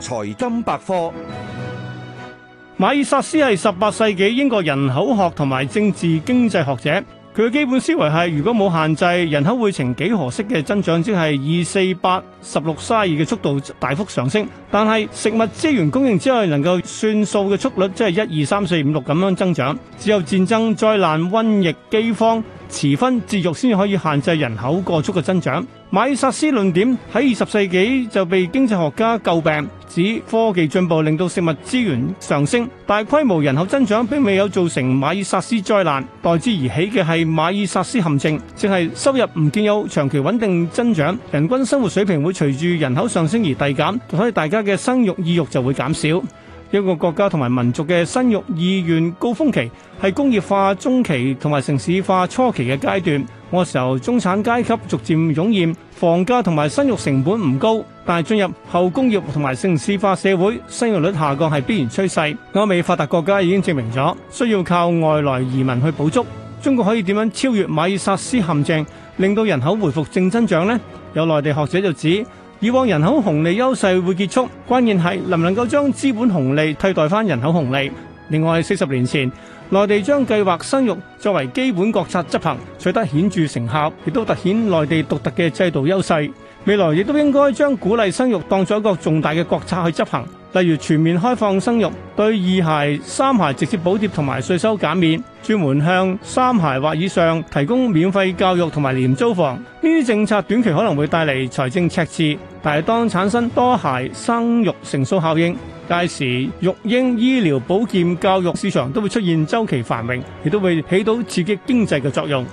財金百科，馬爾薩斯係十八世紀英國人口學同埋政治經濟學者。佢嘅基本思維係，如果冇限制，人口會呈幾何式嘅增長，即係二四八十六卅二嘅速度大幅上升。但係食物資源供應之外，能夠算數嘅速率，即係一二三四五六咁樣增長。只有戰爭、災難、瘟疫、饑荒，遲婚節育先至可以限制人口過速嘅增長。馬爾薩斯論點喺二十世紀就被經濟學家詬病，指科技進步令到食物資源上升，大規模人口增長並未有造成馬爾薩斯災難。代之而起嘅係馬爾薩斯陷阱，正係收入唔見有長期穩定增長，人均生活水平會隨住人口上升而遞減，所以大家嘅生育意欲就會減少。一個國家同埋民族嘅生育意願高峰期，係工業化中期同埋城市化初期嘅階段。嗰時候中產階級逐漸湧現，房價同埋生育成本唔高，但係進入後工業同埋城市化社會，生育率下降係必然趨勢。歐美發達國家已經證明咗，需要靠外來移民去補足。中國可以點樣超越馬爾薩斯陷阱，令到人口回復正增長呢？有內地學者就指。以往人口紅利優勢會結束，關鍵係能唔能夠將資本紅利替代翻人口紅利。另外，四十年前內地將計劃生育作為基本國策執行，取得顯著成效，亦都凸顯內地獨特嘅制度優勢。未來亦都應該將鼓勵生育當作一個重大嘅國策去執行。例如全面開放生育，對二孩、三孩直接補貼同埋稅收減免，專門向三孩或以上提供免費教育同埋廉租房。呢啲政策短期可能會帶嚟財政赤字，但係當產生多孩生育乘數效應，屆時育嬰、醫療、保健、教育市場都會出現周期繁榮，亦都會起到刺激經濟嘅作用。